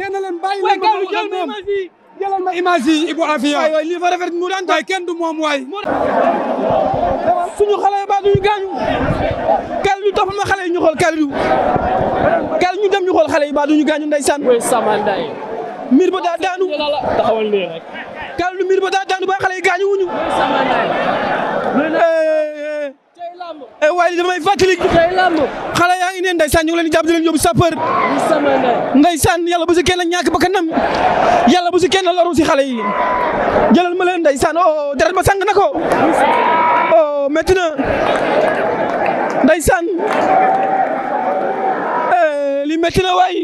nee na leen bàyyi leen ma jël ma image yi ma image yi Ibou Afia waay lii fa rafet mu daan waay kenn du moo waay suñu xale ba duñu gaañu kal ñu topp ma xale yi ñu xool kal ñu kal ñu xale yi ba duñu gaañu ndeysaan mir ba daa daanu taxawal nii rek kal ñu mir ba daa daanu ba xale yi gaañu wuñu waaye li damay fàttali xale yaa ngi ne ndeysaan ñu ngi leen di jàpp di leen yóbbu sapeur ndeysaan yàlla bu si kenn ñàkk ba kanam yàlla bu si si xale yi jëlal ma leen ndeysaan oh deret ba sang na ko oh métti na ndeysaan eh, li métti na waay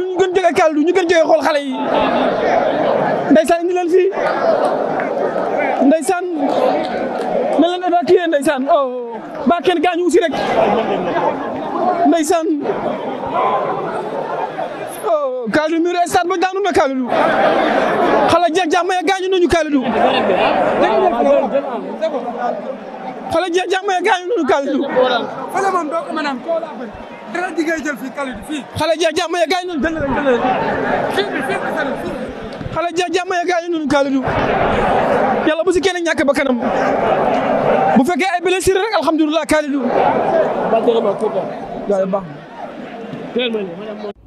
ñu gën jege kàllu ñu gën jege xool xale yi ndeysaan indi leen ndeysaan oh ba kenn gaañu aussi rek ndeysaan oh Kalidou Muré stade ba daanu na Kalidou xala jeex jàmm ya gaañu nañu Kalidou xala jeex jàmm ya gaañu nañu Kalidou fële moom a am xale ja jàmm ya gaañu noonu kaalidu yàlla bu si kenn ñàkk ba kanam bu fekkee ay blessure rek alhamdulilah kaalidu